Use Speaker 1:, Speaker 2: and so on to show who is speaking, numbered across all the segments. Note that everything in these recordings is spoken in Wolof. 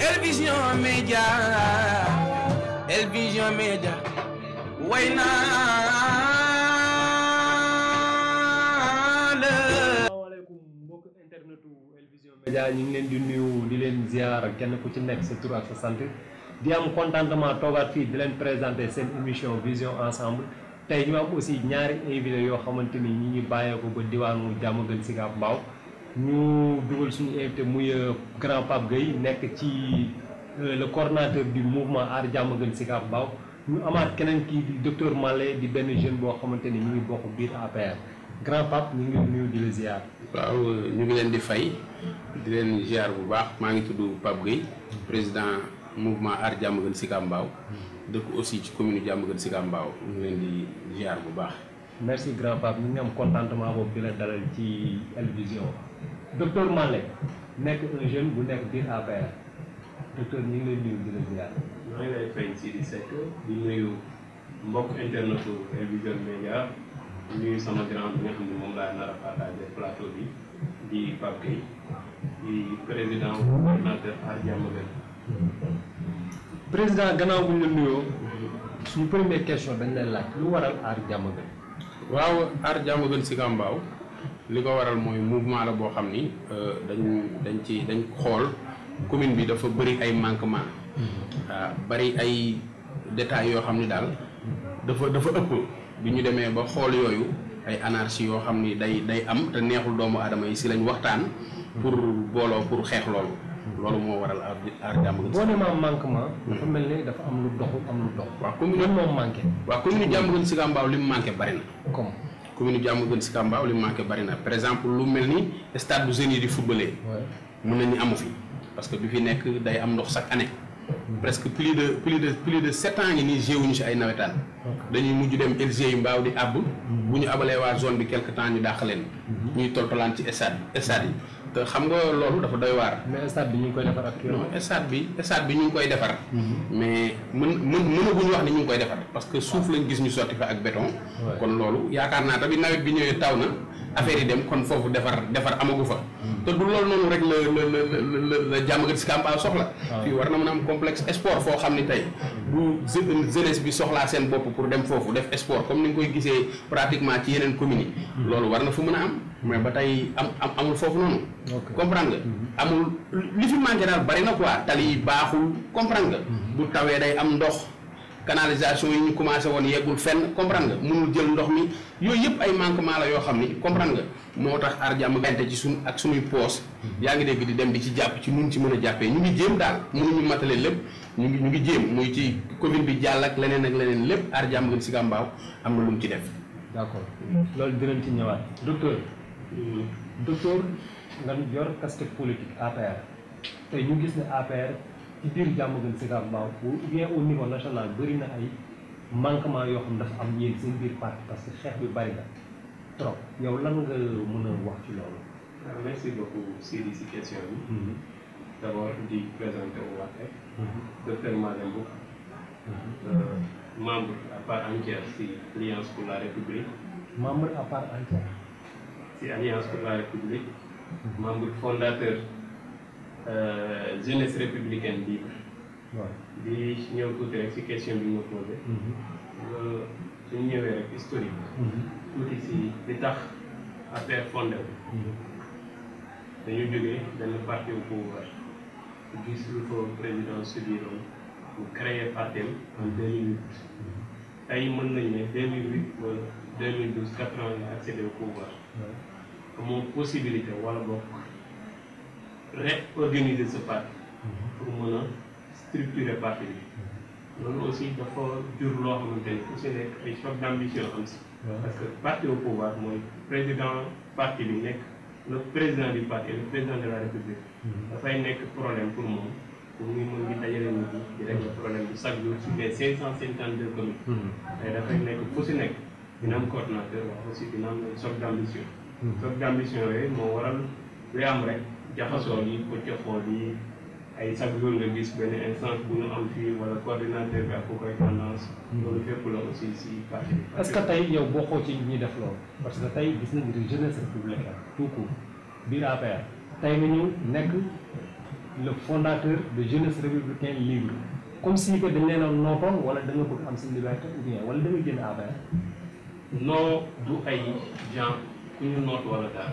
Speaker 1: Elvision Média Elvision Média way naa la. mbokk internetu Elvision Média ñu ngi leen di nuyu di leen ziar kenn ku ci nekk sa tur ak sa sant di am contentement toogaat fii di leen présenter seen émission vision ensemble tey ñu am aussi ñaari invité yoo xamante ni ñi ñu bàyyeeko ba diwaanu si Sicap Mbao ñu dugal suñu invité muy euh, grand Pape Gueye nekk ci euh, le coordonnateur du mouvement aar Diamaguène Sicap Mbao ñu amaat keneen kii di docteur Malé di benn jeune boo xamante ni ñu ngi bokk biir APR grand Pape ngi nuyu di la ziar. waaw ñu ngi leen di fay di leen ziar bu baax maa ngi tudd Pape Gueye président mouvement aar Diamaguène Sicap Mbao dëkk aussi ci commune Diamaguène Sicap Mbao ñu ngi leen di bu baax. merci grand Pape ñu ngi am contentement boobu di la dalal ci El Vision. docteur Malle nekk un jeune bu nekk biir APR docteur ñu ngi lay nuyu di la ziar. maa ngi lay fay di nuyu mbokk internetu El Vision Médias sama grand bi nga xam ne moom laa nar a partagé plateau bi di Pape Gueye di président coordinateur Aar Diamaguène. président gannaaw bu ñu la nuyoo suñu première question dañ lay laaj lu waral Aar Diamaguène. waaw Aar Diamaguène si Kambaaw. li ko waral mooy mouvement la boo xam ni euh, dañ dañ ci dañ xool commune bi dafa bëri ay manquement waaw mm-hmm. euh, bëri ay détails yoo xam ni daal dafa dafa ëpp bi ñu demee ba xool yooyu ay anarchie yoo xam ni day day am te neexul doomu aadama yi si lañ waxtaan pour booloo pour xeex loolu loolu moo waral aar aar jàmm gën si. boo nee maa manquement. dafa mel ni dafa am lu doxu am lu dox. waaw commune moom manqué. waaw commune jàmm gën si Kamba li mu manqué bari na. commune jàmm gën si Kamba li manqué bari na par exemple lu mel ni stade bu jeunes yi di footballé. mën nañu amu fi parce que bi fi nekk day am ndox chaque année. Hmm. presque plus de plus de plus de sept ans ngi nii si ay nawetaan. dañuy mujj dem LG yu mbaaw di àbb. Hmm. bu ñu abalee waa zone bi quelque temps ñu dàq leen. Hmm. ñuy toltolaan ci stade stade yi. te xam nga loolu dafa doy waar. mais stade bi ñu ngi koy defar ak. non stade bi stade bi ñu ngi koy defar. Mhm. mais mën mën mënaguñu wax ni ñu ngi koy defar. parce que suuf lañ gis ñu sotti fa ak béton. kon loolu yaakaar naa tamit nawet bi ñëwee taw na affaire yi dem kon foofu defar defar amagu fa. te du loolu noonu rek la la la la Diamaguène Sicap Mbao soxla. Ah. fii war na mën a am complexe sport foo xam ni bu du euh, jeunesse bi soxlaa seen bopp pour dem foofu def sport comme ni nga koy gisee pratiquement ci yeneen communes yi. Hmm. loolu war na fu mën a am. mais ba tey am am amul foofu noonu. comprendre nga. Hmm. amul li fi manqué daal bari na ko tali baaxul comprendre nga. Hmm. bu tawee day am ndox. canalisation yi ñu commencé woon yeggul fenn comprendre nga mënul jël ndox mi yooyu yëpp ay manquement la yoo xam ni comprendre nga moo tax aar jàmm bente ci suñ ak suñuy poos hmm. yaa ngi dégg di dem di ci jàpp ci nun ci mën a jàppee ñu ngi jéem daal mënuñu matale lépp ñu ngi ñu ngi jéem muy ci Covid bi jàll ak leneen ak leneen lépp aar jàmm gën si gàmbaaw am na lu mu ci def d'accord loolu dinañ ci ñëwaat docteur euh, docteur nga yor casquette politique APR te ñu gis ne APR ci biir jàmm gën Sicap Mbao ou bien au niveau national bëri na ay manquement yoo xam dafa am yéen seen biir parti parce que xeex bi bëri na trop yow lan nga mën a wax ci loolu. Ah, merci beaucoup Sidi si question bi. Mhm. d' abord di présenter wu waat mhm. rek. docteur Malem Mboup. Mhm. Euh, membre si alliance pour la république. membre à part entière. fondateur. Euh, jeunesse républicaine bi di ñëw tuuti rek ci question bi nga posé mhm. euh, suñu ñëwee rek historique mhm. tuuti ci li tax affaire fondé mhm. dañu jógee benn parti au pouvoir gis lu ko président subiroon mu créé parti en 2008 tey mën nañu ne 2008 ba 2012 quatre ans la accédé au pouvoir amoo possibilité wala bokk réorganiser ce parti pour mën a structurer parti bi loolu aussi dafa jur loo xamante ni ku si nekk ay choc d'ambition am si parce que parti au pouvoir mooy président parti bi nekk le président du parti le président de la république mm-hmm. dafay nekk problème pour moom pour muy mën di dajale nit ñi di régler mm-hmm. problème bi chaque jour sur les cinq cent cinquante deux communes mais mm-hmm. dafay nekk ku si nekk dina am coordonnateur wax aussi dina am choc d'ambition choc d'ambition yooyu moo waral jaxasoo yi ko joxoo yi ay chaque jour nga gis benn instance bu ñu am fii wala coordinateur bi ak ku koy tendance. Hmm. loolu fépp la aussi si parti bi. que tey boo xoo ci ñuy def loolu. parce que tey gis nañu ne jeunesse républicaine tout court biir APR. tey nga ñu nekk le fondateur de jeunesse républicaine libre comme si que dañ leen a nootoon wala da nga bëgg am seen liberté ou bien wala da nga génn APR. non du ay gens ku ñu noot wala dara.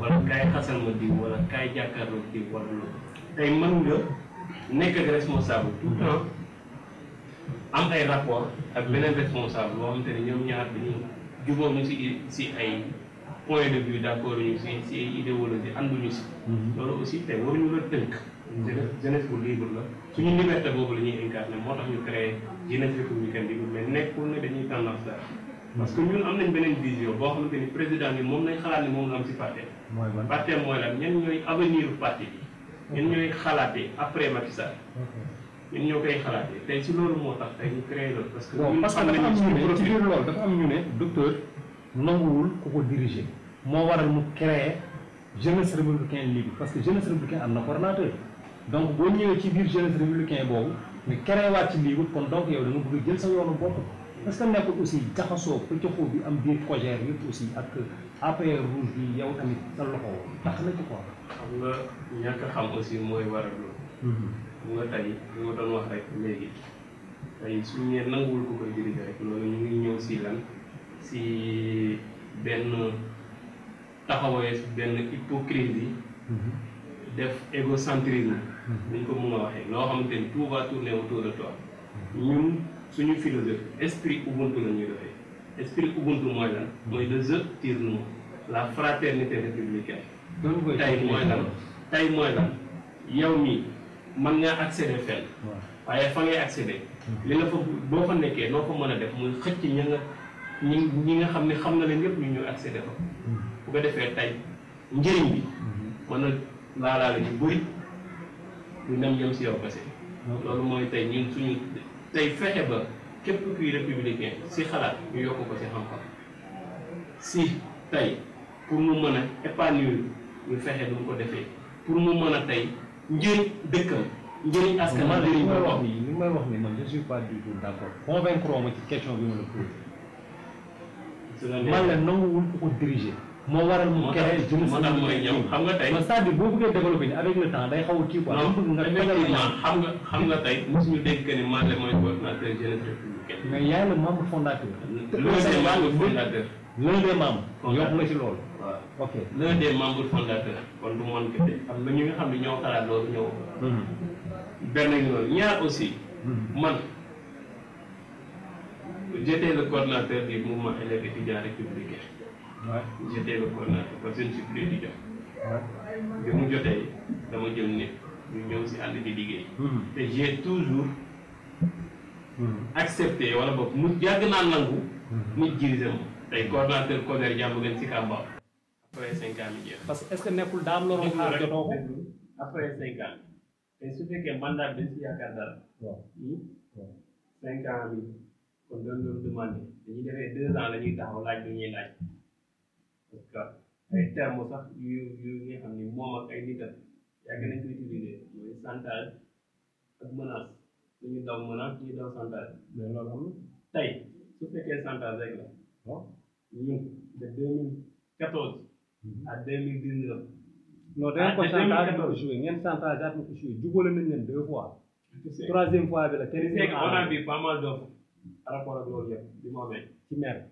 Speaker 1: wala kaay xasal ma diw wala kaay jàkkaarloo diw wala loolu tey mën nga nekk ak responsable tout le am ay rapport ak beneen responsable boo xamante ne ñoom ñaar dañuy jubóo ñu si si ay point de vue d'accord ñu si si ay idéologie si loolu aussi tey waruñu la tënk jeunesse bu libre la suñu liberté boobu la ñuy incarné moo tax ñu créé jeunesse républicaine libre mais nekkul ne dañuy tendance dara parce que ñun am nañ vision boo xamante ni président bi moom nañ xalaat la am si parti parti mooy lan avenir parti ñen ñooy après Macky ñun ñoo koy parce que nous parce que dafa ne ci dafa am docteur nanguwul ku diriger moo waral mu créé jeunesse républicaine libre parce que jeunesse républicaine am na Nous donc boo ñëwee ci biir jeunesse républicain boobu nga créé waat libre donc yow bëgg parce que nekkul aussi jaxasoo pëccëxoo bi am biir projet yëpp aussi ak APR rouge bi yow tamit sa loxo tax na ci quoi. xam nga ñàkk xam mooy waral loolu. Mhm. xam nga tey li ma doon wax léegi tey suñu nee ko koy diriger rek loolu ñu ngi si lan si benn taxawee benn hypocrisie. Mhm. def égocentrisme. Mhm. ni ñu ko mën a waxee loo xamante ni tout ñun. suñu philosophie esprit ubuntu la ñuy doxee esprit ubuntu mooy lan mooy le jeu tire nous la fraternité républicaine tay mooy lan tay mooy lan yow mii mën ngaa accéder fenn waaye fa ngay accéder hmm. li nga fa boo fa nekkee noo ko mën a def muy xëcc ña nga ñi ñi nga xam ne xam na leen yëpp ñu ñu accéder fa hmm. bu ko defee tay njëriñ bi hmm. mën a laalaale ñu bëri du nem jëm si yow kese loolu mooy tey ñun suñu tey fexe ba képp kuy républicain si xalaat ñu yokk ko si xam-xam si tey pour mu mën a épanouir ñu fexe du mu ko defee pour mu mën a tey njëriñ dëkkam njëriñ askan wi li may wax nii li may wax nii man je suis pas du tout d'accord convaincre ma ci question bi ma la posé man la nanguwul ko ko diriger moo waral mu créé je ne mooy ñëw xam nga tey cest à boobu boo bëggee développé avec le temps day xaw a kii quoi. non xam nga xam nga tey mosuñu dégg que ni Mandé mooy coordinateur jeunesse républicaine. mais yaay la membre fondateur. l'un des membres fondateurs. l'un des membres. yokk nga ci loolu. waaw ok l'un des membres fondateurs. kon du mën kese. xam nga ñi nga xam ne ñoo xalaat loolu ñoo. Mhm. benn ñu loolu ñaar aussi. Mhm. man j'étais le coordinateur du mouvement élèves étudiants républicains. ouais. j'étais le coordinateur parce que je ne suis plus étudiant. bi mu jotee dama jël nit ñu ñëw si ànd di liggéey. Hmm. te j'ai toujours. Hmm. accepté wala boog mu yàgg naa nangu. Hmm. nit diriger ma tey coordinateur jeex. parce que est-ce que nekkul daam loroon xaar jotoo ko après cinq ans te su fekkee mandat bi si yaakaar dara. cinq ans mi kon doon doon demandé dañuy defee deux ans la taxaw laaj bi laaj. parce que ay termes sax yu yu nga xam ni moom ak ay nitam yàgg nañ ko utiliser mooy chantage ak menace suñu daw menace suñu daw chantage mais loolu xam nga tey su fekkee chantage rek la oh. ñun de deux mille quatorze mm-hmm. à deux mille dix neuf non da ngeen ko chantage ko joué ngeen chantage daal ko joué jubóole nañ leen deux fois troisième fois bi la kenn a vu pas mal d'offres par rapport ak loolu yëpp bi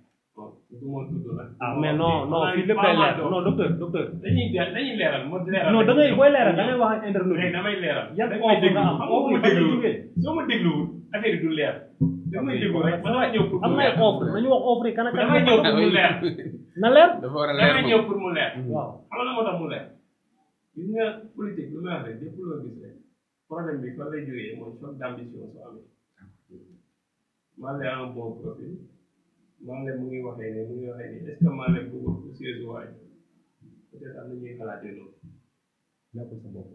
Speaker 1: ah mais no non fii lépp lay leer non docteur docteur. dañuy dañuy leeral ma leeral. non da ngay booy leeral da ngay wax ak internet bi. damay leeral. yan kooku nga ma dégluwul affaire yi du leer. na ay a manglé mu ngi waxee ne mu ngi waxee ne est ce que manglé bu ko séesu waay peut être am na ñuy xalaatee loolu. nekkul sa bopp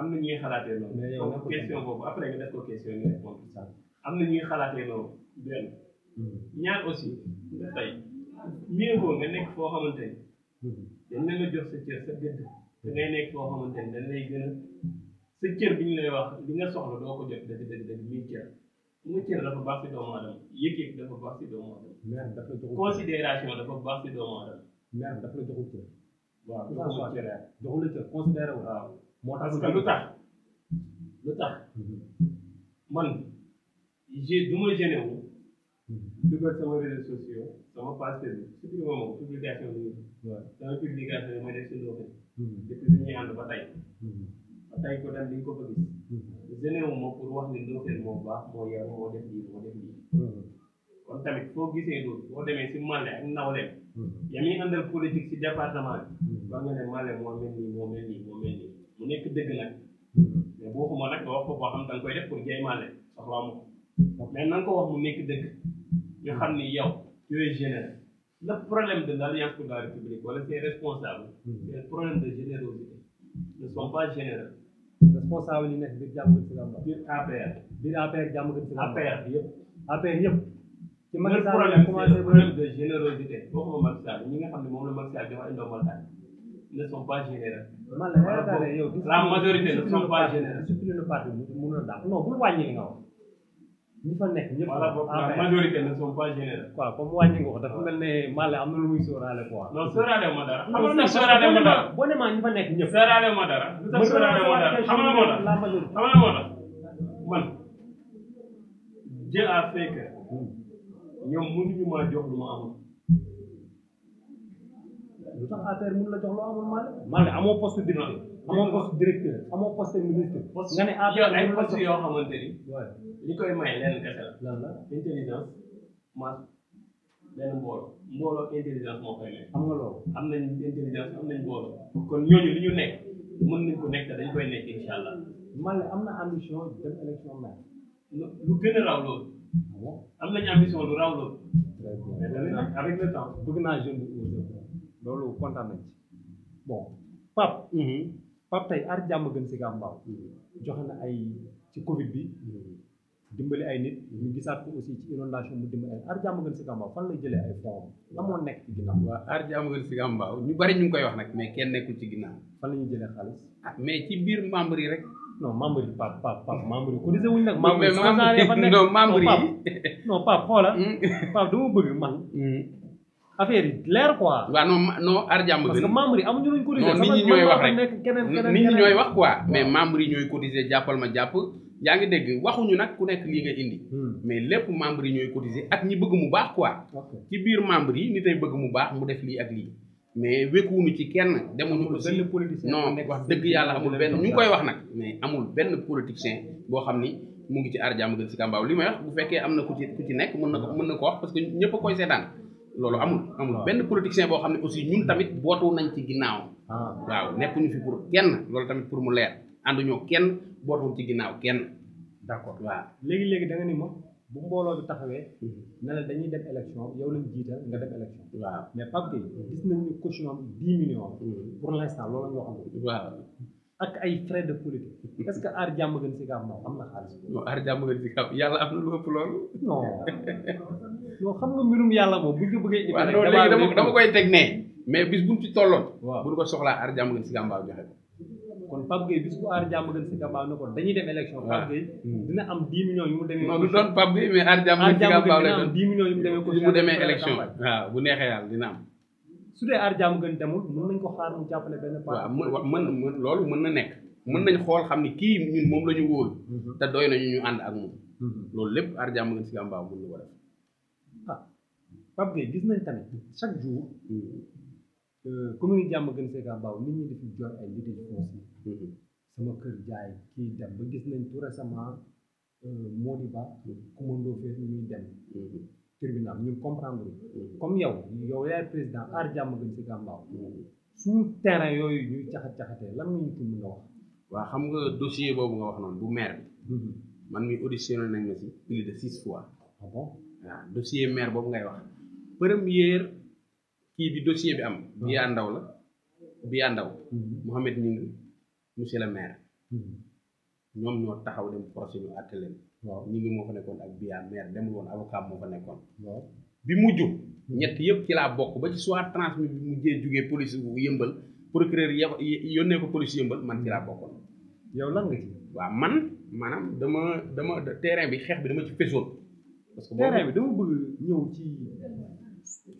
Speaker 1: am na ñuy xalaatee loolu. mais yow question boobu après nga def ko question ñu répondre am na ñuy xalaatee loolu benn. ñaar aussi nga tey mieux vaut nga nekk foo xamante ni. dañ la nga jox sa cër sa gëdd. da ngay nekk foo xamante ni dañ lay gën a sa cër bi ñu lay wax li nga soxla doo ko jot dëgg dëgg dëgg muy cër. mu cër dafa baax si doomu aadama yëg-yëg dafa baax si doomu aadama. maire dafa la joxul considération dafa baax si doomu aadama. maire dafa la joxul cër. waaw joxul cër joxul la cër considéré wu. waaw moo tax lu tax lu tax mhm. man j' du ma gêné wu. Mhm. dugal sama réseaux sociaux sama page Facebook surtout moom publication bi. waaw sama publication bi ma def si Ndofène. Mhm. depuis bi ñuy ànd ba tey. ba tey ko dem di nga ko fa gis. gêné wu ma pour wax ni Ndofène moo baax moo yar moo def lii moo def lii. kon tamit foo gisee loolu boo demee si Malem ak nawleem mm-hmm. ya muy àndal politique si département bi ba mm-hmm. nga ne Malem moo mel nii moo mel nii moo mel nii mu nekk dëgg nag mm-hmm. mais boo xuma nag nga wax ko boo xam da nga koy def pour jay Malem soxlaa mu ko mais na nga ko wax mu nekk dëgg ñu xam ni yow yooyu général le problème de l' alliance pour la république wala ses responsables c'est le problème de générosité ne sont pas généreux responsable yi nekk biir jàmm gën si lamba biir APR biir APR jàmm gën si lamba APR yëpp APR yëpp ci Macky Sall commencé problème de générosité waxuma Macky Sall ñi nga xam ne moom la Macky Sall jox ay doomu Maltagne ne sont pas généreux. man la yaakaar ah yow la majorité ne sont pas généreux. surtout le parti mun na daal non bul wàññi li nga wax ñi fa nekk ñëpp. la majorité ne sont pas généreux. waaw comme wàññi nga ko dafa mel ne Mbale am na lu muy sóoraale quoi. non sóoraale ma dara. xam nga sóoraale ma dara boo ne maa ñi fa nekk ñëpp. sóoraale ma dara. lu tax sóoraale ma dara xam nga moo tax xam nga moo tax man Dieu a fait que ñoom mënuñu maa jox lu ma amul. lu tax affaire mun la jox lu amul maa ne. maa ne amoo poste directeur. amoo poste directeur amoo poste ministre. nga ne affaire ay poste yoo xamante ni. li koy may lenn kese la. lan la intelligence masse benn mbooloo. mbooloo intelligence moo koy am nga loolu am nañ intelligence am nañ mbooloo. kon ñooñu li ñu nekk mën nañ ko nekk te dañ koy nekk incha allah. man la am na ambition dem élection maire. lu gën a raw am nañu ambition lu raw loolu. très bien avec le temps bëgg naa jeune kontaan nañ ci bon Pape. Mhm. Pape tey aar jàmm gën si Gambaaw. joxe na ay ci Covid bi. dimbali ay nit mhm. ñu gisaat ko aussi ci inondation mu dimbali ay aar jàmm gën si Gambaaw fan la jële ay fonds la moo nekk ci ginnaaw. waaw aar jàmm gën si Gambaaw ñu bari ñu ngi koy wax nag mais kenn nekkul ci ginnaaw. fan la ñuy jëlee xaalis. ah mais ci biir membre yi rek. non membre yi Pape Pape Pape membre yi cotisé wuñ nag. membre yi fa nekk non membre yi xoola Pape dama bëgg man. Mm. affaire yi leer quoi. waaw non non aar jàmm gën parce que yi amuñu luñ cotisé. non nit ñi ñooy wax rek nit ñi ñooy wax quoi. mais membre yi ñooy cotisé jàppal ma jàpp. yaa ngi dégg waxuñu nag ku nekk lii nga indi. mais hmm. lépp membre yi ñooy cotisé ak ñi bëgg mu baax quoi. ci biir membre yi ni tey bëgg mu baax mu def lii ak lii. mais wékkuwuñu ci kenn demuñu aussi non wax dëgg yàlla amul benn ñu ngi koy wax nag mais amul benn politicien boo xam ni mu ngi ci aar jàmm gën si kàmbaaw li may wax bu fekkee am na ku ci ku ci nekk mën na ko mën na ko wax parce que ñëpp a koy seetaan loolu amul amul benn politicien boo xam ne aussi ñun tamit bootu nañ ci ginnaaw ah. waaw nekkuñu fi pour kenn loolu tamit pour mu leer ànduñoo kenn bootuñ ci ginnaaw kenn d'accord waaw léegi-léegi da nga ni moom bu mbooloo bi taxawee mhm. ne la dañuy def élection yow lañ jiital nga dem élection waaw mais Pape Gueye gis ni caution bi dix millions mhm. pour l'instant loolu la ñu waxoon waaw ak ay frais de politique est que aar jàmm gën si kaam am na xaalis non aar jàmm gën si kaam yàlla am na lu ëpp loolu non xam nga mbirum yàlla moom buñ ko bëggee waaw léegi dama koy teg ne mais bis buñ ci tolloon waaw buñ ko soxlaa aar jàmm gën si kaam baaw joxe Pape Gueye bis bu aar jàmm gën si Kaba ko dañuy dem élection. Ah. Pape Gueye hmm. dina am 10 yu mu demee. non du doon Pape Gueye yu mu demee ko. mu demee élection waaw ah, bu neexee yàlla dina am. su dee aar jàmm gën demul moom nañ ko xaar mu jàppale benn. waaw mën mën loolu mën na nekk. mën nañ xool xam ni kii ñun moom la ñu wóolu. Mhm. te doy nañu ñu ànd ak moom. Mhm. loolu lépp aar jàmm gën si Kaba mën na ko def. ah Pape Gueye gis nañ tamit chaque jour hmm. commune jàmm gën seeka baaw nit ñi dafi jot ay litige foncier mm-hmm. sama kër jaay kii dem ba gis nañ tout récemment euh, moo di ba commando fee ñuy dem mm-hmm. tribunal ñu comprendre mm-hmm. comme yow yow yaay président aar jàmm gën seeka mbaaw suñu terrain yooyu ñuy caxat-caxatee lan nga ñu ko mën a wax waaw xam nga dossier boobu nga wax noonu bu maire bi man mi auditionné nañ ma si plus de six fois ah bon waaw dossier maire boobu ngay wax première kii bi dossier bi am ah. Biya Ndaw la Biya Ndaw hmm. Mouhamed Ning monsieur le maire hmm. ñoom ñoo taxaw dem procès ñu àtte waaw ñu ngi moo fa nekkoon ak Biya maire demul woon avocat moo fa nekkoon bi mujj hmm. ñett yëpp ci laa bokk ba ci soit transmis bi mujjee jugee police bu yëmbal procureur yónnee ko police yëmbal man ci laa bokkoon yow lan nga ci waa man maanaam dama dama terrain bi xeex bi dama ci fésoon parce bi dama bëgg ñëw ci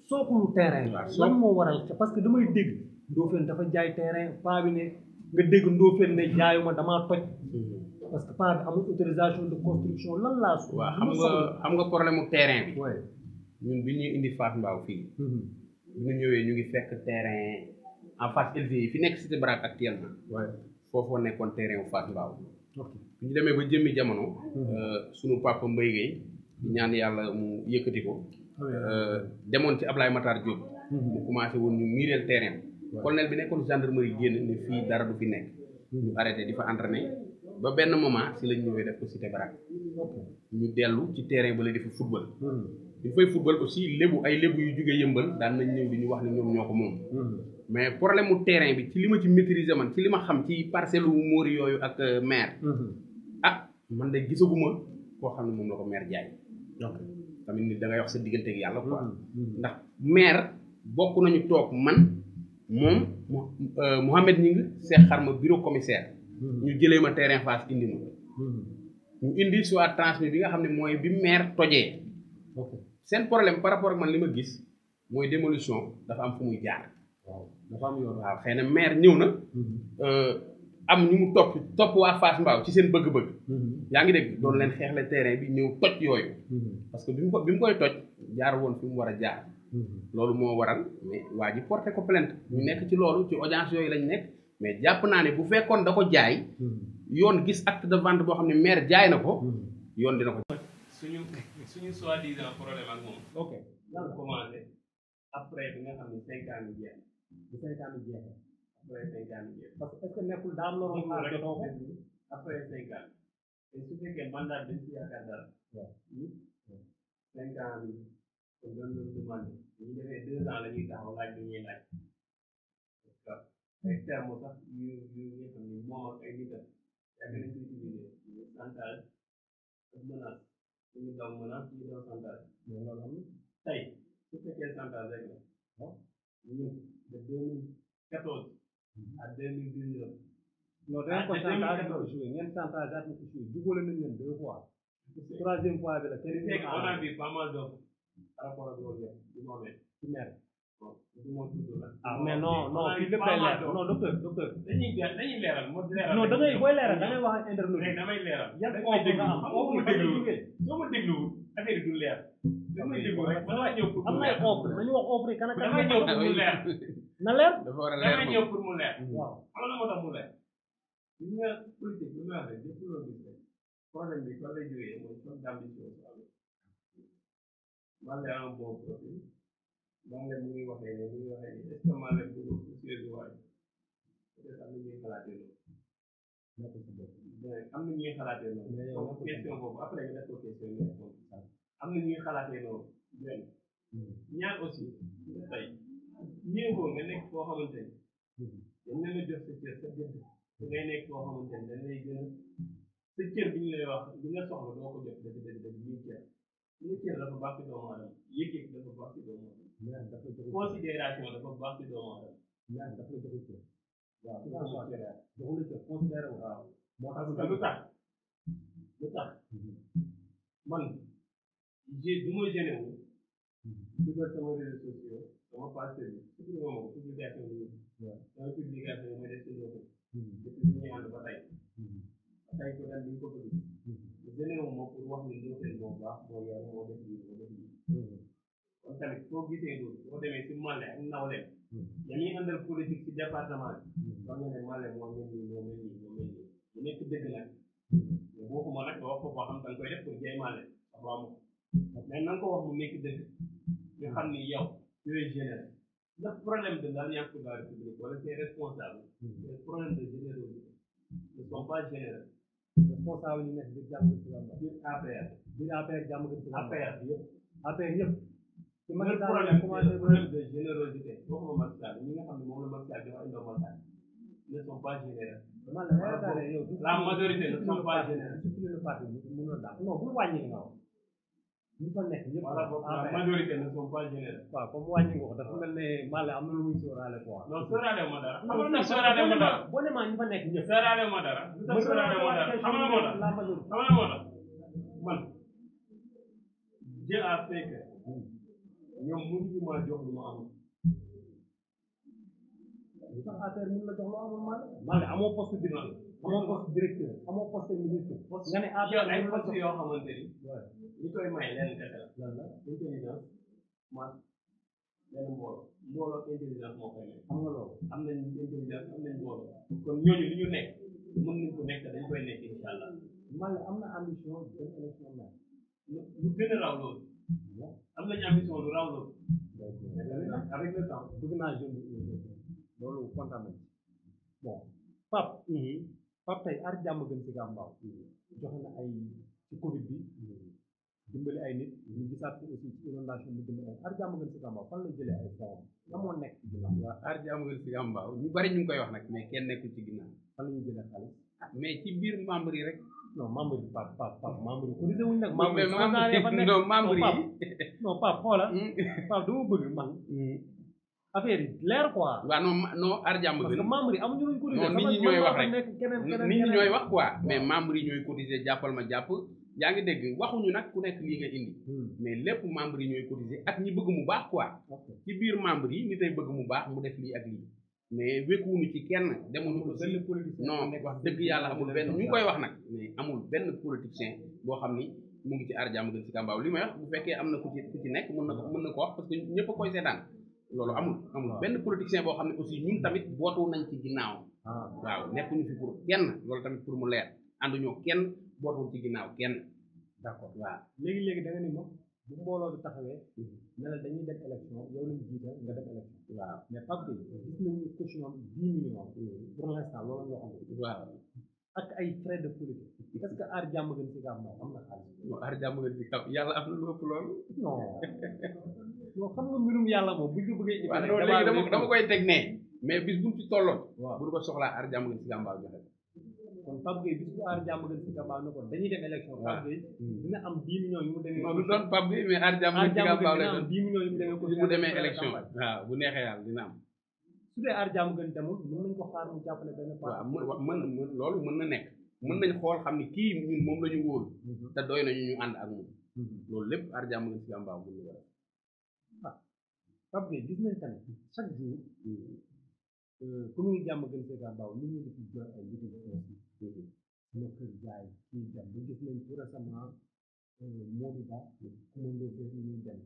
Speaker 1: sookum terrain lan moo waral parce que damay dégg Ndofène dafa jaay terrain paa bi ne nga dégg Ndofène ne jaayuma damaa toj hmm. parce que paa bi amul autorisation de construction lan laa su waaw xam nga xam nga problème mu terrain bi ñun bi ñuy indi Fatou Mbaw fii hmm. bi ñu ñëwee ñu ngi fekk terrain en face élevé yi fi nekk cité Brac actuellement foofoo nekkoon terrain wu Fatou Mbaw bi ñu demee ba jëmmi jamono hmm. euh, sunu papa Mbaye Gueye ñaan yàlla mu yëkkati ko Ah euh, demoon ci ablaay Matar Diop. Mhm. mu commencé woon ñu miireel terrain bi. colonel bi nekkoon gendarmerie génn ni fii dara du fi nekk. Mhm. ñu arrêté di fa entraîné ba benn moment si lañ ñëwee def ko cité barak ñu dellu ci terrain ba la defa football. Mhm. ñu fay football aussi lébu ay lébu yu jógee yëmbal daan nañ ñëw di ñu wax ne ñoom ñoo ko moom. mais problème mu terrain bi ci li ma ci maîtriser man ci li ma xam ci parcelle wu Mori yooyu ak euh, maire. ah man de gisaguma foo xam ne moom la ko maire jaay. tamit nit da ngay wax sa diggante ak yàlla quoi. Mm-hmm. Mm-hmm. ndax maire bokk nañu toog man moom Mouhamed euh, ñi ngi seex xar ma bureau commissaire. Mm-hmm. ñu jëlee ma terrain face indi ma. ñu indi soit transmis bi nga xam ne mooy bi maire tojee. seen problème par rapport ak man li ma gis mooy démolition dafa am fu muy jaar. waaw dafa am maire ñëw na. Euh, am ñu mu topp topp waa Fass Mbao ci seen bëgg-bëgg. Mhm. yaa ngi dégg doon leen xeexle terrain bi ñëw toj yooyu. Mhm. parce que bi mu ko bi mu koy toj jaar woon fi mu war a jaar. Mhm. loolu moo waral mais waa ji porte ko plainte ñu nekk ci loolu ci audience yooyu lañ nekk mais jàpp naa ne bu fekkoon da ko jaay. yoon gis acte de vente boo xam ne maire jaay na ko. yoon dina ko jaay. suñu suñu soi-disant problème ak moom. ok ne cinq ans mi après day gaañu jeex parce que est ce que nekkul daa am loo xam ne ko après day gaañu te su fekkee mandat dañ ci yaakaar dara. waaw hmm? cinq ans bi kon doon doon demandé ñu defee deux ans la ñuy taxaw laaj bi ñuy laaj. parce que ay termes sax yu yu nga xam ne moom ak ay nitam yàgg nañ ko utilisé ñu chantage ak menace ñu daw menace ñu daw chantage. mais loolu am tey su fekkee chantage rek la. waaw ñu de deux mille quatorze ak deux mille dix neuf. Ah, non da ngeen pourcentage bi ko joué ngeen ko joué jubóole nañ leen deux fois. troisième bi la kenn ku on a vu pas mal ah, leer non docteur docteur. dañuy dañuy leeral moo da ngay booy leeral da ngay wax ak internet. mais damay leeral. yan oow nga am oow nga jógee. soo ma déglu affaire du leer. a déglu rek damay ñëw pour. am na ay offre nañu wax offre yi kan ak kan. damay ñëw pour leer. na leer dafa war a leer ñëw pour mu leer. Mhm. waaw xam nga moo tax mu leer. gis nga politique bi nga xam ne lépp loo gis rek problème bi fan lay jógee mooy fan d'ambition su amee. Mballe am bon profil Mballe mu ngi waxee ne mu ngi waxee ne est-ce que Mballe bu ko poussé du waay peut-être am na ñuy xalaatee loolu. am na ñuy xalaatee loolu. donc question boobu après nga def ko question bi am na ñuy xalaatee loolu. Mhm. ñaar aussi nga mhm. tey. yéegoo nga nekk koo xamante ni mhm. dañ la la jox sa cër sa jënd ngay nekk koo xamante ni dañ lay gën sa cër bi ñu lay wax li nga soxla doo ko jox dëgg dëgg dëgg ñuy cër ñu cër dafa baax ci doomu aadama yëkkëg dafa baax ci doomu aadama considération dafa baax ci doomu aadama ñaar dafa la joxe cër waaw joxu la cër considéré waaw moo tax lu tax lu tax mhm. man j du ma génne wu mhm. dugal sama réseaux sociaux dama passé bi moom publication bi sama publication mooy def seen loolu depuis bi ñuy ànd ba tey hmm. ba tey ko daal diñ ko bëgg ñu gëneewu ma pour wax ni Ndofène moo baax moo yaru moo def lii moo def lii hmm. kon tamit soo gisee loolu soo demee si Malé ak nawleem hmm. dañuy àndal politique si département bi wax nga ne Malé moo mel nii moo mel nii moo mel nii mu nekk dëgg nag mais boo ko mën nag nga wax ko boo xam da nga koy def pour jaay Malé wax waa ma mais na nga ko wax mu nekk dëgg nga xam ni yow yooyu génère ndax problème bi daal yaa ko daal public wala c'est responsable les problèmes de générosité ne sont pas généreux responsable yi nekk biir jàmm gën Siramba biir APR biir APR jàmm gën Siramba APR yëpp APR yëpp ci ma problème problème de générosité waxuma Macky Sall ñi nga xam ne moom la Macky Sall dafa ay ndombal tànk ne sont pas généreux la majorité ne sont pas généreux non bu wàññi nga wax ñu fa nekk ñëpp. en majorité ne sont pas ko dafa mel ne Mbale am na lu muy sóoraale quoi. non sóoraale moo dara. amoon na sóoraale moo dara boo maa ñu fa nekk ñëpp. sóoraale moo dara. sóoraale moo dara xam nga moo dara xam moo dara man. Dieu a fait que ñoom mënuñu maa jox lu ma amul. lu tax affaire mun la jox lu amul Mbale. Mbale amoo poste bi noonu. amoo poste directeur amoo poste ministre. nga ne APR ah, ay poste yoo xamante ni. ñu koy may lenn kese la. intelligence man benn mbooloo mbooloo intelligence moo koy may. xam nga loolu am nañ intelligence am nañ mbooloo. kon ñooñu li ñu nekk mën nañ ko nekk dañ koy nekk incha allah. man am na ambition bu gën élection la. lu gën a raw loolu. am nañ ambition lu raw loolu. avec le temps bëgg naa jënd loolu kontaan nañ bon Pape. Mhm. Pape tey aar jàmm gën si Gambaaw joxe na ay ci Covid bi dimbali ay nit ñu gisaat ko ci inondation bi dimbali ay aar jàmm gën si Gambaaw la moo nekk ñu bari ñu ngi koy wax nag mais kenn nekkul ci ginnaaw fan la ñuy jëlee xaalis ah, mais ci biir membre yi rek. non membre yi Pape Pape Pape membre yi ku wuñ nag. membre yi non membre yi non Pape non Pape xoola hmm. Pape affaire yi leer quoi. waaw non non arjàmm parce que membre yi amuñu luñ cotiser. non nit ñi ñooy wax rek mais membre yi ñooy cotiser jàppal ma jàpp. yaa ngi dégg waxuñu nag ku nekk lii nga indi. Hmm. mais lépp membre yi ñooy cotiser ak ñi bëgg mu baax quoi. ci biir membre yi nit ay bëgg mu baax mu def lii ak lii. mais wékkuwuñu ci kenn demuñu ko si non wax dëgg yàlla amul benn ñu ngi koy wax nag mais amul benn politicien boo xam ni mu ngi ci arjàmm gën si kàmbaaw li may wax bu fekkee am na ku ci ku nekk mën na ko mën na ko wax parce loolu amul amul benn politicien boo xam ne aussi ñun tamit bootu nañ ci ginnaaw ah. waaw ñu fi pour kenn loolu tamit pour mu leer ànduñoo kenn bootu ci ginnaaw kenn d'accord waaw léegi léegi da nga ni ma bu mbooloo bi taxawee mhm. ne dañuy def élection yow lañ jiital nga def élection waaw mais Pape Gueye gis mhm. pour l'instant loolu nga xam ay frais de politique est que aar jàmm gën ci gàmm am na xaalis aar jàmm gën ci gàmm yàlla am na lu ëpp loolu non non xam nga mbirum yàlla moom buñ ko bëggee. mais bis buñ ci tolloon. waaw buñ ko soxlaa si gàmbaaw kon Pape Gueye bis si gàmbaaw ne ko dañuy dem élection. waaw Pape Gueye hmm. mu demee. non du doon Pape Gueye mais aar jàmm gën si gàmbaaw lay doon 10 millions demee. bu bu neexee yàlla dina am. su dee aar jàmm gën demul mën nañ ko xaar mu jàppale benn. waaw mën mën loolu mën na nekk. mën nañ xool xam ne kii moom la ñu wóolu. Mhm. te doy nañu ñu ànd ak moom. Mhm. loolu lépp aar jàmm gën si gàmbaaw mën Pape Gueye gis nañ tamit chaque jour euh, euh, commune Diamaguène Sicap Mbao nit ñi dafiy jooy ay litige no kër jaay kii dem ba gis nañ tout récemment euh, Modou Ba commandeur bi ñuy dem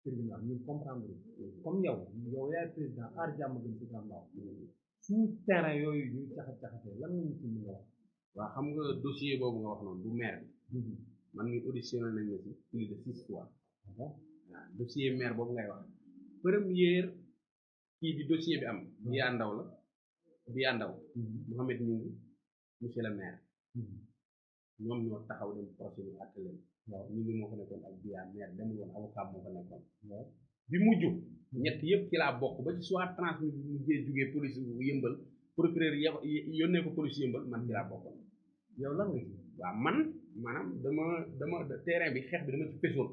Speaker 1: tribunal ñu comprendre comme yow yow yaay président aar Diamaguène Sicap Mbao suñu terrain yooyu ñuy caxat caxatee lan nañu ci mën a wax waaw xam nga dossier boobu nga wax noonu du maire mm-hmm. man mi auditionné nañ la si plus de six fois ah waaw dossier maire boobu ngay wax premier ki di dossier bi am hmm. bi andaw la bi andaw hmm. mohammed ni monsieur le maire hmm. ñom ñoo taxaw dem procès ak leen waaw ñu ngi moo fa nekkoon ak biyaa maire dem woon avocat moo fa nekkoon bi mujj ñet yépp ci la bokk ba ci soit transmis bi mu jee jugee police yëmbal procureur ya, yónnee ko police yëmbal man ci la bokkoon yow lan nga ci waaw man manam dama dama terrain bi xex bi dama ci pésoon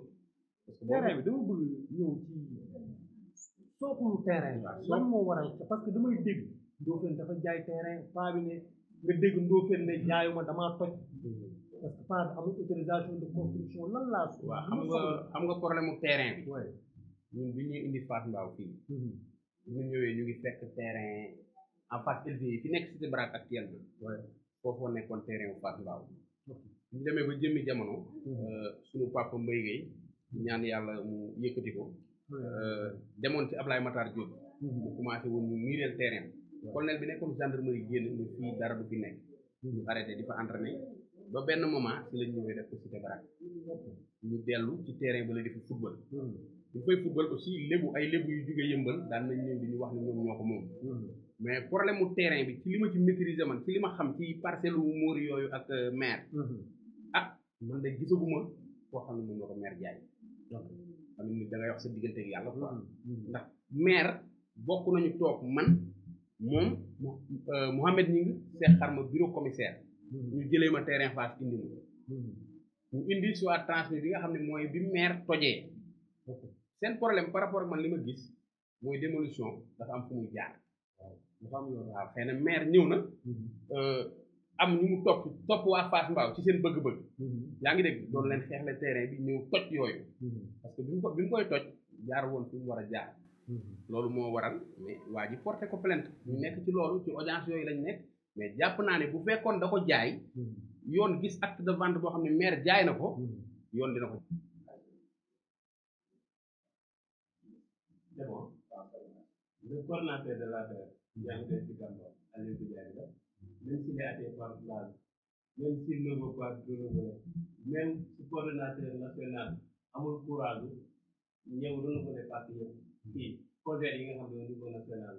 Speaker 1: parce que terrain bi dama bëgg ñëw ci sooxum terrain la lan moo waral parce que damay dégg Ndofène dafa jaay terrain paa bi ne nga dégg Ndofène ne jaayuma damaa toj parce que paa bi de construction lan laa su waaw xam nga xam problème mu terrain bi ñun bi ñuy indi Fass Mbao fii mhm. ñu ñëwee ñu ngi fekk terrain en face LV fi nekk cité Brac actuellement foofoo nekkoon terrain bu Fass Mbao ñu demee ba jëmmi jamono mhm. euh, suñu papa Mbaye Gueye ñaan yàlla mu yëkkati ko Euh, demoon ci Ablaye Matar Diop. Mhm. mu commencé woon ñu miireel terrain bi. colonel bi nekkoon gendarmerie génn ni fii dara du fi nekk. Mhm. ñu arrêté di fa entraîné ba benn moment si lañ ñëwee def ko cité Barak. ñu dellu ci terrain ba la def football. bu mhm. fay football aussi lébu ay lébu yu jóge yëmbal daan nañ ñëw di ñu wax ne ñoom ñoo ko moom. mais problème mu terrain bi ci li ma ci maîtriser man ci li ma xam ci parcelle wu móor yooyu ak euh, maire. ah man de gisaguma koo xam ne moom la ko maire jaay. tamit ni da ngay sa diggante ak yàlla quoi mm-hmm. Mm-hmm. ndax maire bokk nañu toog man moom Mouhamed euh, ñi ngi seet xar ma bureau commissaire mm-hmm. ñu jëlee ma terrain face indi ma ñu indi soit transmis bi nga xam ne mooy bi maire tojee seen problème par rapport ak man li ma gis mooy démolition dafa am fu muy jaar dafa am yoon waaw xëy na maire ñëw na euh, am ñu mu topp topp waa Fass Mbao ci seen bëgg-bëgg mm-hmm. yaa ngi dégg doon leen xeexle terrain bi ñëw toj yooyu mm-hmm. parce que bi mu ko bi mu koy toj jaar woon fi mu war a jaar mm-hmm. loolu moo waral mais waa ji porté ko plainte ñu nekk ci loolu ci audience yooyu lañ nekk mais jàpp naa ne bu fekkoon da ko jaay yoon gis acte de vente boo xam ne maire jaay na ko yoon dina ko c'est bon coordinateur même s'il est à des plages, même s'il ne veut pas renouveler, même si coordonnateur national amul courage ñëw renouveler parti yëpp fii projet yi nga xam ne au niveau national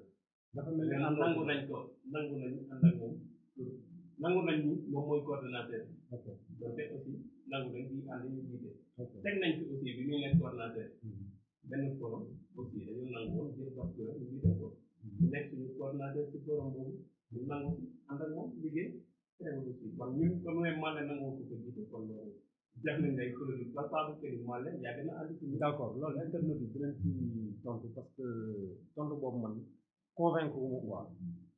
Speaker 1: dafa mel ni nangu nañ ko nangu nañ ànd ak moom nangu nañ ni moom mooy coordonnateur donc aussi nangu nañ bi ànd ñu jiite teg nañ ci aussi bi muy nekk coordonnateur mhm. benn forum aussi dañu nangu woon jël parce que ñu jiite ko nekk suñu coordonnateur ci forum boobu ñu nangu ànd ak moom liggéey teewul aussi kon ñun comme ne Malle nangoo ko ko jiite kon loolu jeex nañ lay produit yaa gën a ànd ci d' accord loolu parce que tontu boobu man convaincre wu ma quoi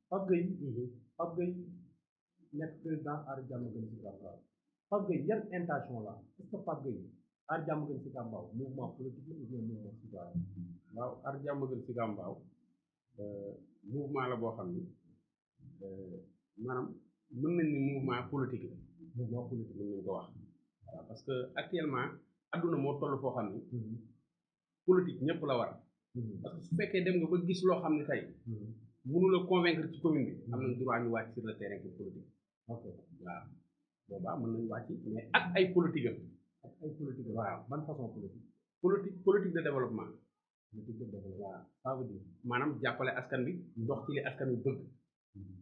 Speaker 1: Pape Gueye mhm. Pape Gueye aar jàmm gën si Kambaaw Pape Gueye yan intention la est que Pape Gueye aar jàmm gën si Kambaaw mouvement politique la ou bien mouvement waaw aar jàmm gën si Kambaaw euh, mouvement la boo xam ni Euh, maanaam mën nañ ni mouvement politique la mouvement politique nañ ko wax waaw parce que actuellement adduna moo toll foo xam ni hmm. politique ñëpp la war hmm. parce que su fekkee dem nga ba gis loo xam ne tey hmm. mënu la convaincre ci commune bi am nañ droit ñu wàcc si le terrain pour politique ok waaw boobaa mën nañu wàcc mais ak ay politique ay politique waaw ban façon politique politique politique de développement politique de maanaam jàppale askan bi dox ci li askan bi bëgg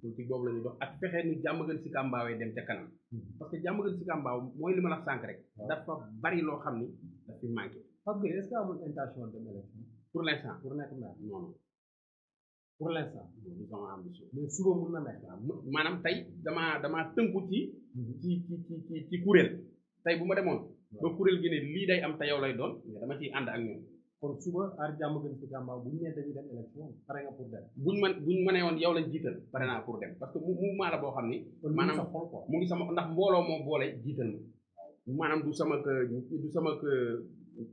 Speaker 1: politique boobu la ñuy dox ak fexe ni Diamaguène Sicap Mbao dem ca kanam. Hmm. parce que Diamaguène Sicap Mbao mooy li ma la sànq rek. Hmm. dafa bari loo xam ni daf fi manqué. Pape Gueye est-ce que amul intention dem élection. pour l'instant pour nekk maire non non pour l'instant. nous avons ambition. mais suba mun na nekk. waaw maanaam tey damaa damaa tënku hmm. ci. ci ci ci ci kuréel. tey bu ma demoon. ba kuréel gi ne lii day am te yow lay doon mais dama ciy ànd ak ñoom. kon suba aar jàmm gën si Tamba bu ñu nee dañuy dem élection pare nga pour dem. buñ mën buñ mënee woon yow lañ jiital pare naa pour dem parce que mouvement la boo xam ni. maanaam sa xol quoi mu ngi sama ndax mbooloo moo jiital ma. maanaam du sama du sama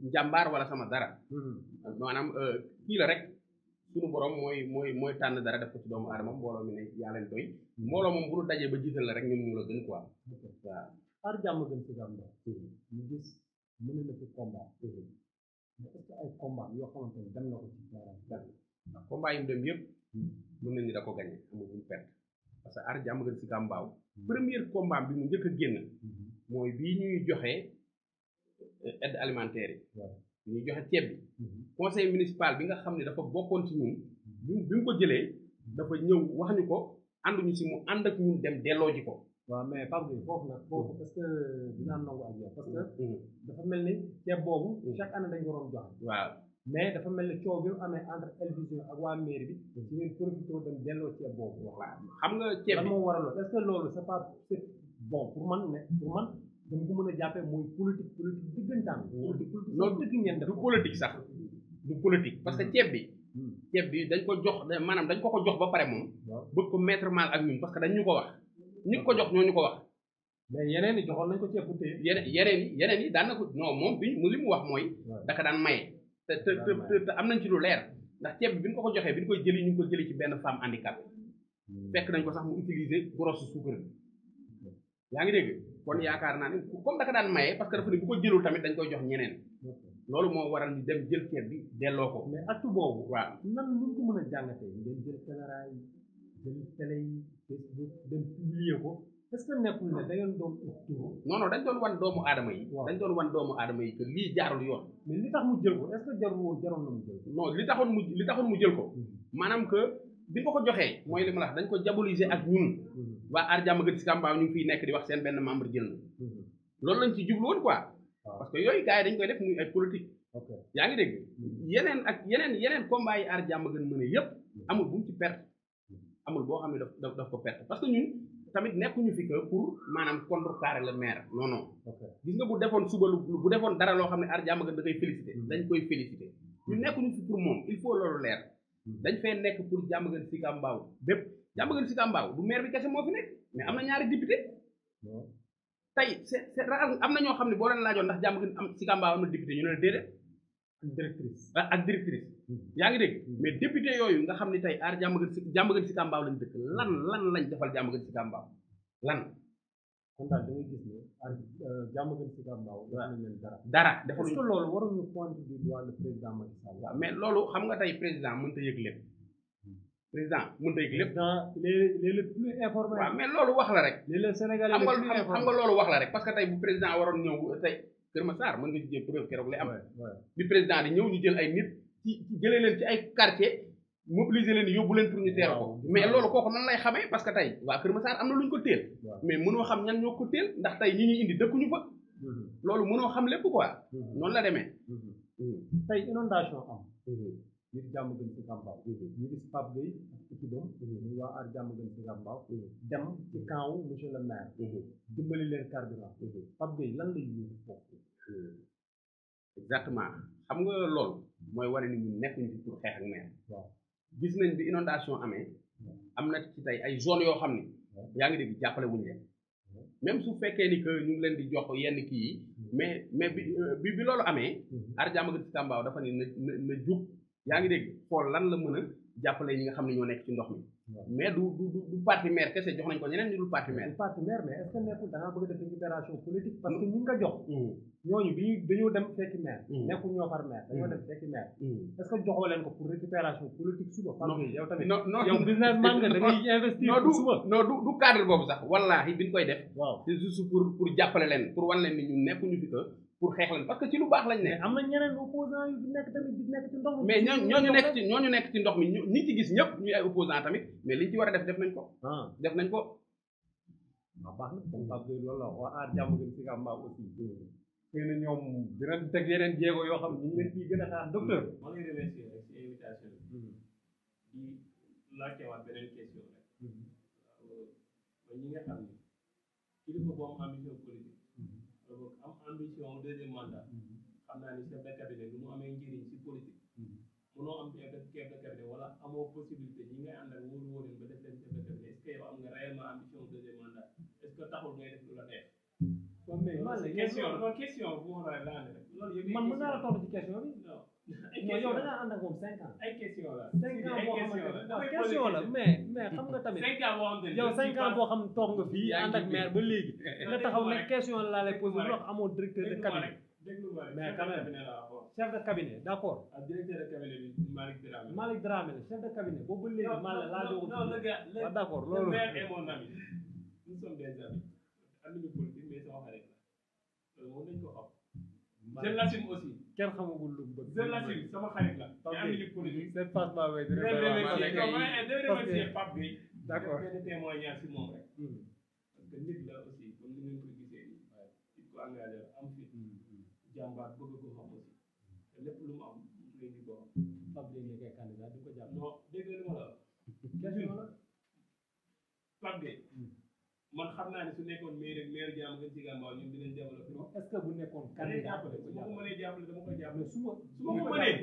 Speaker 1: njàmbaar wala sama dara. Hmm. maanaam euh, kii la rek. suñu borom mooy mooy mooy tànn dara def ko ci doomu aadama mbooloo mi ne yaa leen doy mbooloo moom bu ñu ba jiital la rek ñoom ñu la gën quoi. waaw aar jàmm gën si Tamba. Hmm. ñu gis mën na fi combat. Hmm. est-ce que ay combat yoo xamante ne dem ko ci dara ndax combat yi mu dem yëpp mën nañu da ko gagné amul lu mu parce que ar jàmm gën si gàmbaaw hmm. premier combat bi mu njëkk a génn hmm. mooy bii ñuy joxe eh, aide alimentaire yi ñuy joxe ceeb bi hmm. conseil municipal bi nga xam ne dafa bokkoon ci ñun bi mu ko jëlee dafa ñëw wax ñu ko ànduñu si mu ànd ak ñun dem delloo ko waaw mais Pape Gueye nag foofu mm-hmm. est que dinaa nangu ak yow parce que mm-hmm. Mm-hmm. dafa mel ni ceeb boobu chaque année dañ ko doon joxe waaw dafa mel ni coow bi mu amee entre El Vision ak waa mairie dem delloo ceeb boobu waaw xam nga ceeb moo waral loolu est-ce que loolu c'est pas c'est man ne pour ko mën a jàppee mooy politique politique diggantaan politique politique loolu dëgg ngeen sax du parce que ceeb bi ceeb bi dañ ko jox maanaam dañ ko ko jox ba pare moom bëgg ko mettre mal ak ñun parce que dañ ñu ko wax ñu ko jox ñoo ñu ko wax. mais yeneen yi joxoon nañ ko ceeb bu tey. yeneen yeneen yi yeneen yi daan na ko non moom bi mu li mu wax mooy. daka daan maye. te te te am nañ ci lu leer. ndax ceeb bi ñu ko ko joxee bi ñu koy jëli ñu ko jëli ci benn femme handicapée. Hmm. fekk nañ ko sax mu utiliser brosse suukar bi. yaa ngi dégg kon yaakaar naa ne comme daka daan maye parce que dafa ne ko jëlul tamit dañ koy jox ñeneen. loolu moo waral ñu dem jël ceeb bi delloo ko. mais acte boobu. waa nan lu ko mën a jàngatee ngeen jël caméra jël télé yi Facebook dem ko est-ce que nekkul ne da ngeen doon ut tur. non non dañ doon wan doomu aadama yi. dañ doon wan doomu adama yi que lii jaarul yoon. mais li tax mu jël ko est-ce que jarul woon jaroon na mu jël ko. li taxoon mu li taxoon mu jël ko. Mhm. maanaam que bi ko ko joxee mooy li ma la dañ ko diaboliser ak ñun. Mhm. waa aar jàmm gën si Kamba ñu ngi fiy nekk di wax seen benn membre jël na. Mhm. loolu lañ ci jublu woon quoi. parce que yooyu gars yi dañ koy def muy ay politique. yaa ngi dégg. yeneen ak yeneen yeneen combat yi aar jàmm gën mën yëpp amul ci perte amul boo xam ne daf daf ko perte parce que ñun tamit nekkuñu fi que pour maanaam contrecarrer le maire non non gis nga bu defoon suba lu bu defoon dara loo xam ne Ar Diamaguène da koy féliciter mm. dañ koy féliciter ñu mm. nekkuñu fi pour moom il faut loolu leer mm. dañ fee nekk pour Diamaguène Sicap Mbao bépp Diamaguène Sicap Mbao du maire bi kese moo fi nekk mais am na ñaari député tey c'est c'est rare am na ñoo xam ne boo leen laajoon ndax Diamaguène am Sicap Mbao am na la déedéet ak directrice ah, ak directrice Mm-hmm. yaa ngi dégg mm-hmm. mais député yooyu nga xam ni tey aar jàmmagën si jàmmagën si kàmbaaw lañ dëkk lan lan lañ defal jàmmagën si kàmbaaw lan kon daal da gis ne ar euh, jàmmagën si kàmbaaw dañ leen dara dara defal est loolu waruñu pointer du doigt le président Macky Sall waaw mais loolu xam nga tey président mënut a yëg lépp président mënut a lépp dans les les plus informés mais loolu wax la rek les Sénégalais xam nga xam nga loolu wax la rek parce que tey bu président waroon ñëw tey Kër saar mën nga jël preuve keroog lay am bi président di ñëw ñu jël ay nit ci jëlee leen ci ay quartier mobiliser leen yóbbu leen pour ñu teer ko mais loolu kooku nan lay xamee parce que tey waa Kër Massar am na lu ñu ko téel mais mënoo xam ñan ñoo ko téel ndax tey ñi ñuy indi dëkkuñu fa mm-hmm. loolu mënoo xam lépp quoi mm-hmm. noonu la demee mm-hmm. tey inondation am ngir jàmm gën ci Kambaaw ñu gis Pape Gueye ak équipeam ñu jàmm gën ci Kambaaw dem ci camp monsieur le maire leen carburant Pape Gueye lan lay yóbbu foofu exactement xam nga loolu mooy wane ni nekk nekkuñu fi pour xeex ak maire gis nañ bi inondation amee am na ci tey ay zone yoo xam ni yaa ngi dégg jàppale wuñu leen même su fekkee ni que ñu ngi leen di jox yenn kii yi hmm. mais mais bi bi bi loolu amee hmm. ar jaamagat si Tamba dafa ni na na na yaa ngi dégg xool lan la mën a jàppale ñi nga xam ne ñoo nekk ci ndox mi mais du du du parti maire kese jox nañ ko ñeneen ñu dul parti maire. parti maire mais est ce que bëgg a def libération parce que mm. ñi nga jox. Mm. ñooñu bi dañoo dem fekki maire. Mm. nekkul ñoo far maire dañoo dem fekki maire. est ce ko pour récupération politique suba. parce que yow tamit yow businessman nga da ngay investir suba. non du du cadre boobu sax wallaahi bi ñu koy def. waaw c'est juste pour jàppale leen pour wan leen ni ñu nekkuñu fi que. pour xeex parce que ci lu baax lañ ne. am na ñeneen opposants nekk tamit di nekk ci ndox mi. mais ño ñooñu nekk ci ñooñu nekk ci ndox mi ñu ñi ci gis ñëpp ñu ay opposants tamit liñ ci war a def def nañ ko. Ah. def nañ ko. waaw ah, baax na comme jàmm gën si Kamba aussi. xëy na ñoom dinañ teg yeneen jéego yoo xam ne ñu ngi leen ciy gën a xaar docteur. maa ngi remercier rek si invitation boog am ambition deuxième mandat mm-hmm. xam naa ni chef de cabinet lu mu amee njëriñ si politique mm-hmm. munoo am chef de chef de cabinet wala amoo possibilité ñi ngay àndal wóolu wóolu ba def leen chef de cabinet est ce que yow am nga réellement ambition deuxième mandat est ce que taxul ngay def lu la neex mais man question question bu ma la laaj rek loolu yëpp man mën naa la tontu ci question bi non mooy yow da la cinq ans boo xamante question la mais mais xam ne yow cinq ans boo xam taxaw nag question laa lay amoo directeur de cabinet. mais quand même d' accord. directeur de cabinet bi de cabinet boobu ba léegi. Malick laa jox ko d' accord loolu. des amis. am nañu la. loolu moom nañu ko xam. Zelatim aussi. kenn xamagul lu mu bëgg. Zelatim sama xarit la. ok yaa ngi déglu kuréel yi. seen passement bi dina doon Pape Gueye. d'accord benn témoignage si moom hmm. rek. parce que nit la aussi comme ni ngeen ko gisee nii. nit ku engagé am fit. Hmm, hmm. jàmbaar bëgg ko xam aussi. te lépp lu mu am ngay di ko am. Pape Gueye nekkee candidat du ko jàpp. non dégg nga li ma la wax. question la Pape Gueye. man xam naa ne su nekkoon maire maire jaam gën ci gàmbaaw ñoom dinañ jàppale fi est ce que bu nekkoon candidat dama ko jàppale su ma ko mënee jàppale dama koy jàppale su ma su ma ko mënee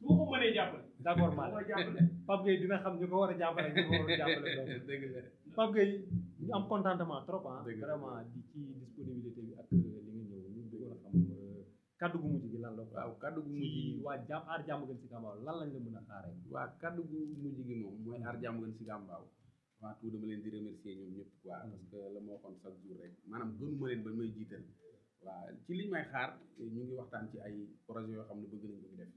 Speaker 1: su ma ko mënee jàppale d' accord maa koy jàppale dina xam ñu ko war a jàppale ñu ko war a jàppale dëgg la Pape Gueye ñu am contentement trop ah vraiment di ci disponibilité bi ak euh, li nga ñëw ñu bëgg xam euh, kaddu gu mujj gi lan la ko waaw kaddu gu mujj gi waa jàmm jàmm gën gàmbaaw lan lañ la mën a waa kaddu gu mujj gi moom mooy jàmm gën gàmbaaw waa tout dama leen di remercier ñoom ñëpp quoi hmm. parce que la ma waxoon chaque jour rek maanaam gënuma leen ba may jiital waaw ci liñ may xaar ñu ngi waxtaan ci ay projet yoo xam ne bëgg nañ ko fi def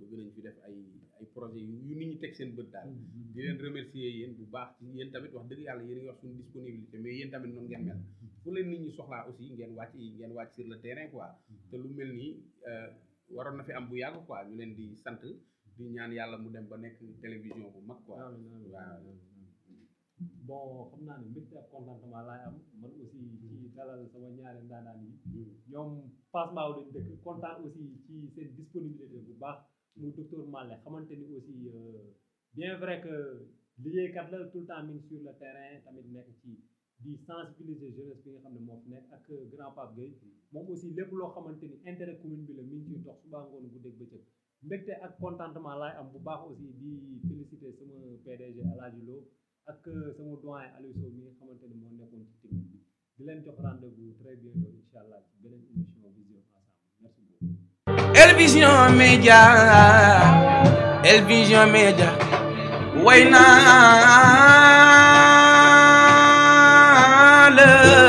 Speaker 1: bëgg nañ fi def ay ay projet yu nit ñi teg seen bët daal hmm, hmm, di leen remercier yéen bu baax ci yéen tamit wax dëgg yàlla yéen a ngi wax suñu disponibilité mais yéen tamit noonu ngeen mel fu leen nit ñi soxlaa aussi ngeen wàcc ngeen wàcc sur le terrain quoi te lu mel euh, waroon na fi am bu yàgg quoi ñu leen di sant di ñaan yàlla mu dem ba nekk télévision bu mag quoi waaw bon xam naa ne mbégte ak contentement laay am man aussi ci mm. dalal sama ñaari ndaanaan yi mm. ñoom Fass Mbao lañ dëkk kontaan aussi ci seen disponibilité bu baax mu mm. docteur Malle xamante ni aussi euh, bien vrai que liggéeykat la tout le temps mi ngi sur le terrain tamit nekk ci di sensibiliser jeunesse bi nga xam ne moom fi nekk ak euh, grand Pape Gueye moom aussi lépp loo xamante ni intérêt commune bi la mi ngi ciy dox suba ngoon guddeeg bëccëg mbégte ak contentement laay am bu baax aussi di féliciter sama PDG El Hadj Lo ak euh, sama doyen Aliou mi nga xamante ni moo nekkoon ci technique bi di leen jox rendez-vous très bientôt incha allah ci beneen émission vision ensemble merci beaucoup. El Vision Médias El